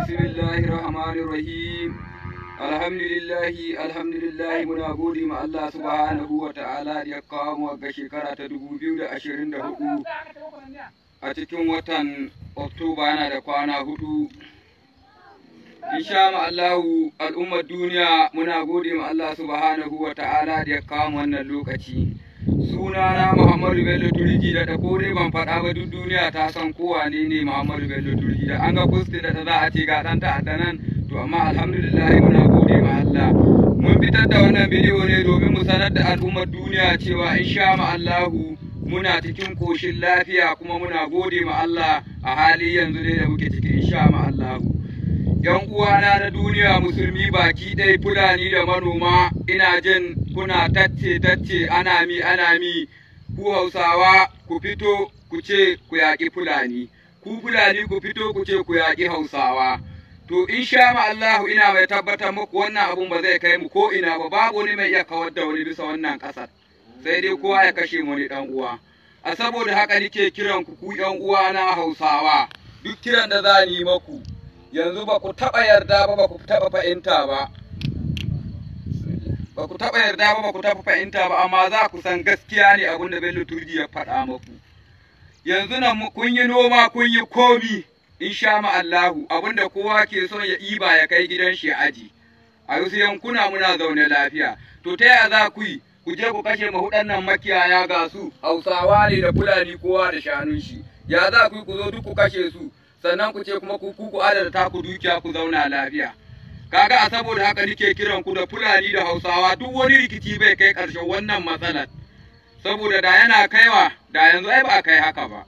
بسم الله الرحمن الرحيم الحمد لله الحمد لله muna gode ma Allah subhanahu wa ta'ala da ya kawo mu ga shekara ta hudu a cikin watan Oktoba yana da kwana hudu insha Allahu al'ummar duniya muna gode ma Allah subhanahu wa ta'ala da ya kawo wannan lokaci sunana Muhammadu Bello Turiji da ta kore ban faɗa ba duk duniya ta san kowa ne ne Muhammadu Bello Turiji da an ga kusti da ta za a ce ga ɗan ta'adda nan to amma alhamdulillah muna gode ma Allah mun fitar da wannan bidiyo ne domin mu sanar da al'ummar duniya cewa insha Allahu muna cikin koshin lafiya kuma muna gode ma Allah a hali yanzu ne da muke ciki insha Allahu yan uwana na duniya musulmi baki ɗaya fulani da manoma ina jin kuna tacce tacce ana mi ana mi ku hausawa ku fito ku ce ku yaƙi fulani ku fulani ku fito ku ce ku yaƙi hausawa to in insha Allahu ina mai tabbatar muku wannan abun ba zai kai mu ko ina ba babu wani mai iya kawar da wani bisa wannan ƙasar sai dai kowa ya kashe wani ɗan uwa a saboda haka nike kiran ku ku ƴan uwa na hausawa duk kiran da za ni maku yanzu ba ku taɓa yarda ba ba ku taɓa fahimta ba ba ku taɓa yarda ba ba ku taɓa fahimta ba amma za ku san gaskiya ne abin da Bello Turji ya faɗa maku. yanzu nan kun yi noma kun yi komi in sha ma'allahu, abin da kowa ke so ya iba ya kai gidan shi aji a wasu yankuna muna zaune lafiya to ta yaya za ku yi ku je ku kashe mahuɗan nan makiyaya ga su hausawa ne da fulani kowa da shanun shi ya za ku yi ku zo duk ku kashe su sannan ku ce kuma ku ku adada taku dukiya ku zauna lafiya kaga a saboda haka nike kiran ku da fulani da hausawa duk wani rikici bai kai karshe wannan matsalar saboda da yana kaiwa da yanzu ai ba kai haka ba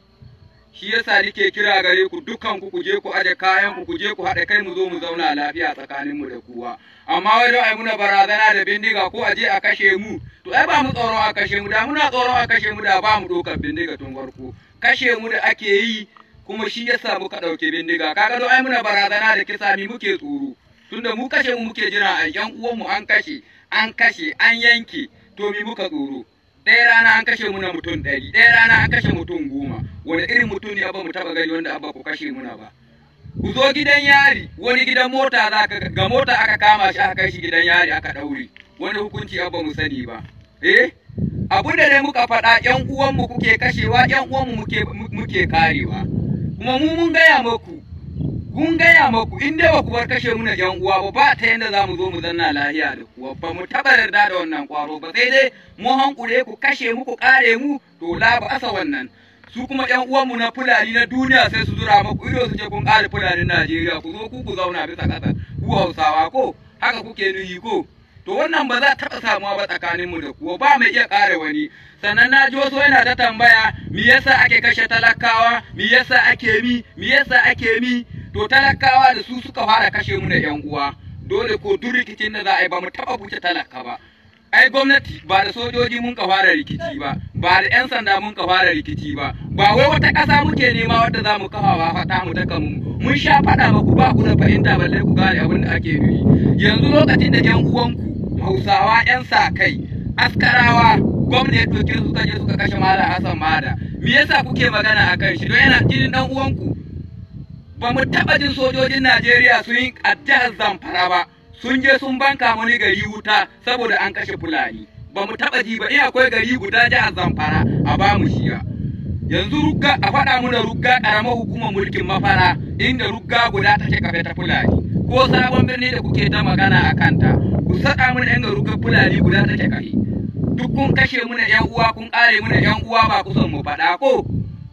shi yasa nike kira gare ku dukkan ku kuje ku aje kayan ku kuje ku haɗa kai mu zo mu zauna lafiya tsakanin mu da kowa amma wai don ai muna barazana da bindiga ko aje a kashe mu to ai ba mu tsoron a kashe mu da muna tsoron a kashe mu da ba mu ɗaukar bindiga tun farko kashe mu da ake yi kuma shi yasa muka ɗauke bindiga kaga don ai muna barazana da kisa mi muke tsoro tunda mu kashe mu muke jira a yan uwanmu an kashe an kashe an yanke to mi muka tsoro ɗaya rana an kashe muna mutum ɗari ɗaya rana an kashe mutum goma wani irin mutum ne abba mu taɓa gani wanda abba ku kashe muna ba ku zo gidan yari wani gidan mota za ka ga mota aka kama shi aka kai shi gidan yari aka ɗaure wani hukunci abba mu sani ba eh abu da ne muka faɗa yan uwanmu kuke kashewa yan uwanmu muke muke karewa kuma mu mun gaya maku kun gaya maku in dai ku bar kashe muna yan uwa ba ba ta yanda za mu zo mu zanna lahiya da kuwa ba mu taɓa yarda da wannan kwaro ba sai dai mu hankure ku kashe mu ku kare mu to la ba asa wannan su kuma yan uwanmu na fulani na duniya sai su zura maku ido su ce kun kare fulanin Najeriya ku zo ku ku zauna bisa kasa ku Hausawa ko haka kuke nuyi ko to wannan ba za taɓa samuwa ba tsakanin mu da kuwa ba mai iya ƙare wani sannan na ji wasu yana ta tambaya me yasa ake kashe talakawa me yasa ake mi me yasa ake mi to talakawa da su suka fara kashe mu da yan uwa dole ko duk rikicin da za a yi ba mu taɓa buce talaka ba ai gwamnati ba da sojoji mun ka fara rikici ba ba da yan sanda mun ka fara rikici ba ba wai wata ƙasa muke nema wadda za mu kafa ba fata mu daka mu mun sha faɗa ba ku ba ku da fahimta balle ku gane abin da ake yi yanzu lokacin da yan uwanku hausawa 'yan sa kai askarawa gwamna ya ɗauki suka je suka kashe malam hassan mada me yasa kuke magana a kan shi don yana jinin dan uwanku ba mu taɓa jin sojojin najeriya sun yi a jihar zamfara ba sun je sun banka wani gari wuta saboda an kashe fulani ba mu taɓa ji ba in akwai gari guda jihar zamfara a ba mu shi ba yanzu rugga a faɗa mu da rugga ƙaramar hukumar mulkin mafara inda rugga guda take kafe ta fulani ko sabon birni da kuke ta magana a kanta Ku saka mana yan garu fulani guda ta kai duk kun kashe mana yan uwa kun kare mana yan uwa ba ku son mu faɗa ko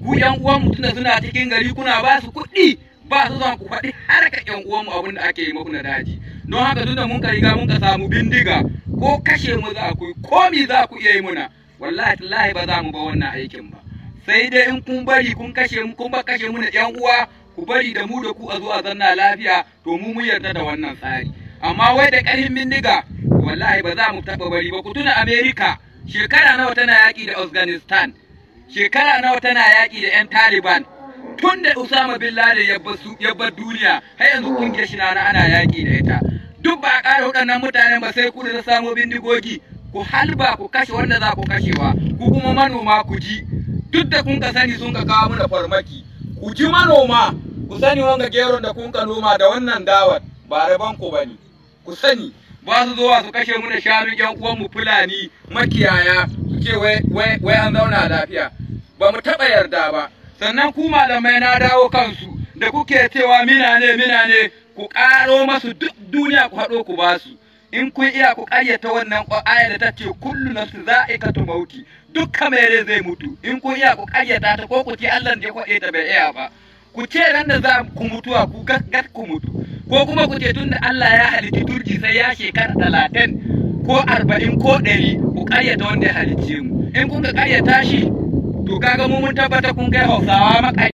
ku yan uwan mu tunda suna cikin gari kuna ba su kuɗi ba su zan ku faɗi harka yan uwan mu abin da ake yi muku na daji don haka tunda mun ka riga mun ka samu bindiga ko kashe mu za ku mi za ku iya yi muna wallahi tallahi ba za mu ba wannan aikin ba sai dai in kun bari kun kashe mu kun ba kashe mu na yan uwa ku bari da mu da ku a zo a zanna lafiya to mu mun yarda da wannan tsari amma wai da ƙarfin bindiga wallahi ba za mu taɓa bari ba ku tuna Amerika shekara nawa tana yaƙi da afghanistan shekara nawa tana yaƙi da 'yan taliban tun da usama bin laden ya bar duniya har yanzu ƙungiyar shi na ana yaƙi da ita duk ba a ƙara waɗannan mutanen ba sai kudu da samo bindigogi ku halba ku kashe wanda za ku kashewa ku kuma manoma ku ji duk da kun ka sani sun ka kawo mana farmaki ku ji manoma ku sani wanga geron da kun ka noma da wannan dawar ba rabon ku bane ku sani ba su zuwa su kashe mu da shanu yan uwan mu fulani makiyaya su ce wai an zauna lafiya ba mu taɓa yarda ba sannan ku malamai na dawo kansu da kuke cewa mina ne mina ne ku ƙaro masu duk duniya ku haɗo ku basu in kun iya ku ƙaryata wannan ayar da ta ce kullu nafsu za'ikatu mauti dukkan rai zai mutu in kun iya ku ƙaryata ta ko ku ce Allah da ya kwaɗe ta bai iya ba ku ce nan da za ku mutuwa ku gas ku mutu ko kuma ku ce tun da Allah ya halitti turji sai ya shekara talatin ko arba'in ko ɗari ku ƙayyata wanda ya halicce mu in kun ka ƙayyata shi to kaga mu mun tabbata kun kai hausawa maƙa